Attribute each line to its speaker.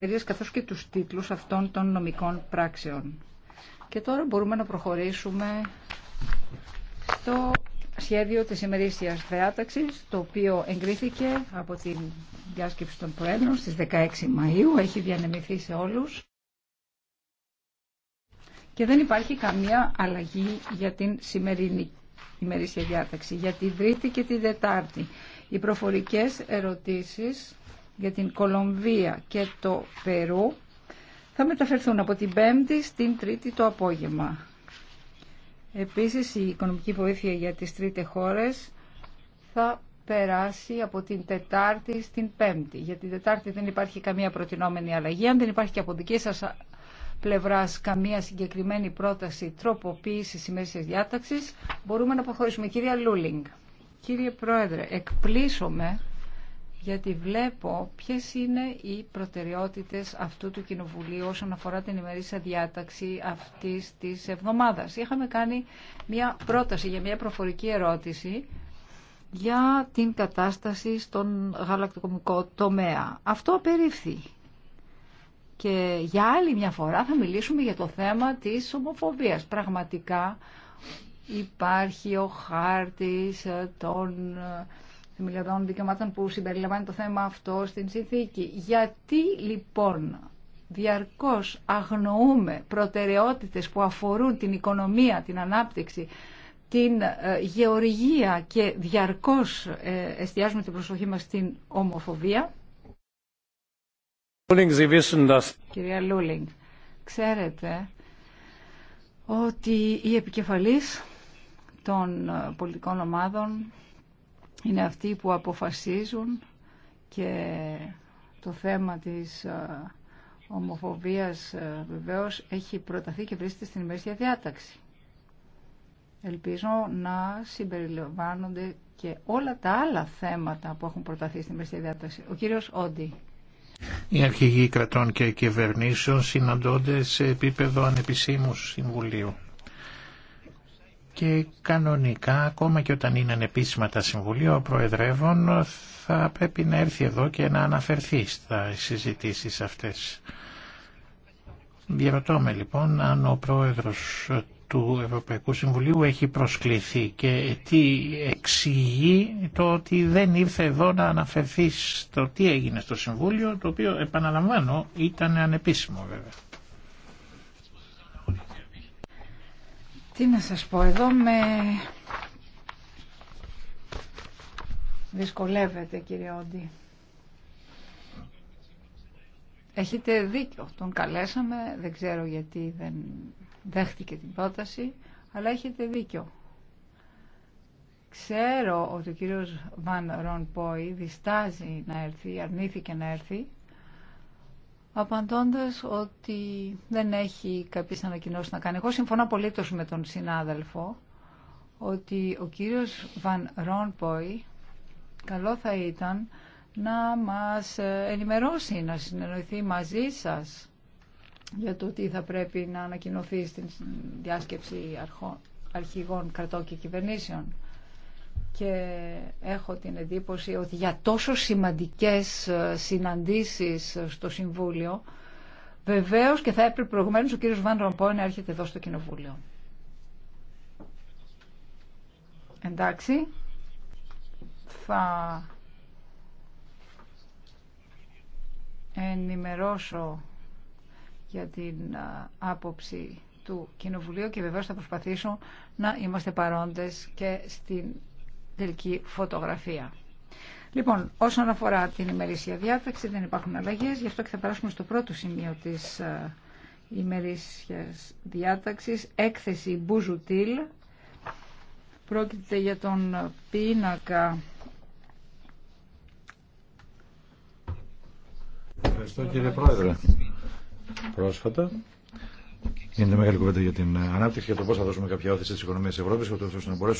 Speaker 1: ευκαιρίες καθώς και τους τίτλους αυτών των νομικών πράξεων. Και τώρα μπορούμε να προχωρήσουμε στο σχέδιο της ημερήσιας διάταξης, το οποίο εγκρίθηκε από την διάσκεψη των Προέδρων στις 16 Μαΐου, έχει διανεμηθεί σε όλους και δεν υπάρχει καμία αλλαγή για την σημερινή ημερήσια διάταξη, για τη Τρίτη και την Δετάρτη. Οι προφορικές ερωτήσεις για την Κολομβία και το Περού θα μεταφερθούν από την Πέμπτη στην Τρίτη το απόγευμα. Επίσης η οικονομική βοήθεια για τις τρίτες χώρες θα περάσει από την Τετάρτη στην Πέμπτη. Για την Τετάρτη δεν υπάρχει καμία προτινόμενη αλλαγή. Αν δεν υπάρχει και από δική σας πλευράς καμία συγκεκριμένη πρόταση τροποποίησης ημέρησης διάταξης, μπορούμε να αποχωρήσουμε. Κύριε Λούλινγκ, κύριε Πρόεδρε, εκπλήσωμε γιατί βλέπω ποιες είναι οι προτεραιότητες αυτού του Κοινοβουλίου όσον αφορά την ημερήσια διάταξη αυτής της εβδομάδας. Είχαμε κάνει μια πρόταση για μια προφορική ερώτηση για την κατάσταση στον γαλακτοκομικό τομέα. Αυτό απερίφθη. Και για άλλη μια φορά θα μιλήσουμε για το θέμα της ομοφοβίας. Πραγματικά υπάρχει ο χάρτης των θεμελιωδών δικαιωμάτων που συμπεριλαμβάνει το θέμα αυτό στην συνθήκη. Γιατί λοιπόν διαρκώς αγνοούμε προτεραιότητες που αφορούν την οικονομία, την ανάπτυξη, την ε, γεωργία και διαρκώς ε, εστιάζουμε την προσοχή μας στην ομοφοβία. Κυρία Λούλινγκ, ξέρετε ότι οι επικεφαλής των ε, πολιτικών ομάδων είναι αυτοί που αποφασίζουν και το θέμα της ε, ομοφοβίας ε, βεβαίως έχει προταθεί και βρίσκεται στην ημερήσια διάταξη. Ελπίζω να συμπεριλαμβάνονται και όλα τα άλλα θέματα που έχουν προταθεί στην ημερήσια διάταξη. Ο κύριος Όντι.
Speaker 2: Οι αρχηγοί κρατών και κυβερνήσεων συναντώνται σε επίπεδο ανεπισήμου συμβουλίου και κανονικά ακόμα και όταν είναι ανεπίσημα τα συμβουλία ο Προεδρεύων θα πρέπει να έρθει εδώ και να αναφερθεί στα συζητήσεις αυτές. Διαρωτώ λοιπόν αν ο Πρόεδρος του Ευρωπαϊκού Συμβουλίου έχει προσκληθεί και τι εξηγεί το ότι δεν ήρθε εδώ να αναφερθεί στο τι έγινε στο Συμβούλιο το οποίο επαναλαμβάνω ήταν ανεπίσημο βέβαια.
Speaker 1: Τι να σας πω, εδώ με δυσκολεύεται κύριε Όντι. Έχετε δίκιο, τον καλέσαμε, δεν ξέρω γιατί δεν δέχτηκε την πρόταση, αλλά έχετε δίκιο. Ξέρω ότι ο κύριος Βαν Ρον Πόι διστάζει να έρθει, αρνήθηκε να έρθει, απαντώντας ότι δεν έχει κάποιες ανακοινώσεις να κάνει. Εγώ συμφωνώ απολύτως με τον συνάδελφο ότι ο κύριος Βαν Ρόνποϊ καλό θα ήταν να μας ενημερώσει, να συνεννοηθεί μαζί σας για το τι θα πρέπει να ανακοινωθεί στην διάσκεψη αρχών, αρχηγών κρατών και κυβερνήσεων και έχω την εντύπωση ότι για τόσο σημαντικές ε, συναντήσεις ε, στο Συμβούλιο βεβαίως και θα έπρεπε προηγουμένως ο κύριος Βαν Ρομπόι να έρχεται εδώ στο Κοινοβούλιο. Εντάξει. Θα ενημερώσω για την ε, άποψη του Κοινοβουλίου και βεβαίως θα προσπαθήσω να είμαστε παρόντες και στην τελική φωτογραφία. Λοιπόν, όσον αφορά την ημερήσια διάταξη δεν υπάρχουν αλλαγές, γι' αυτό και θα περάσουμε στο πρώτο σημείο της ε, ημερήσιας διάταξης, έκθεση Μπουζουτήλ. Πρόκειται για τον πίνακα
Speaker 2: Ευχαριστώ κύριε Πρόεδρε. Πρόσφατα Είναι μεγάλη κουβέντα για την ανάπτυξη και το πώ θα δώσουμε κάποια όθηση στι οικονομίε τη Ευρώπη, ώστε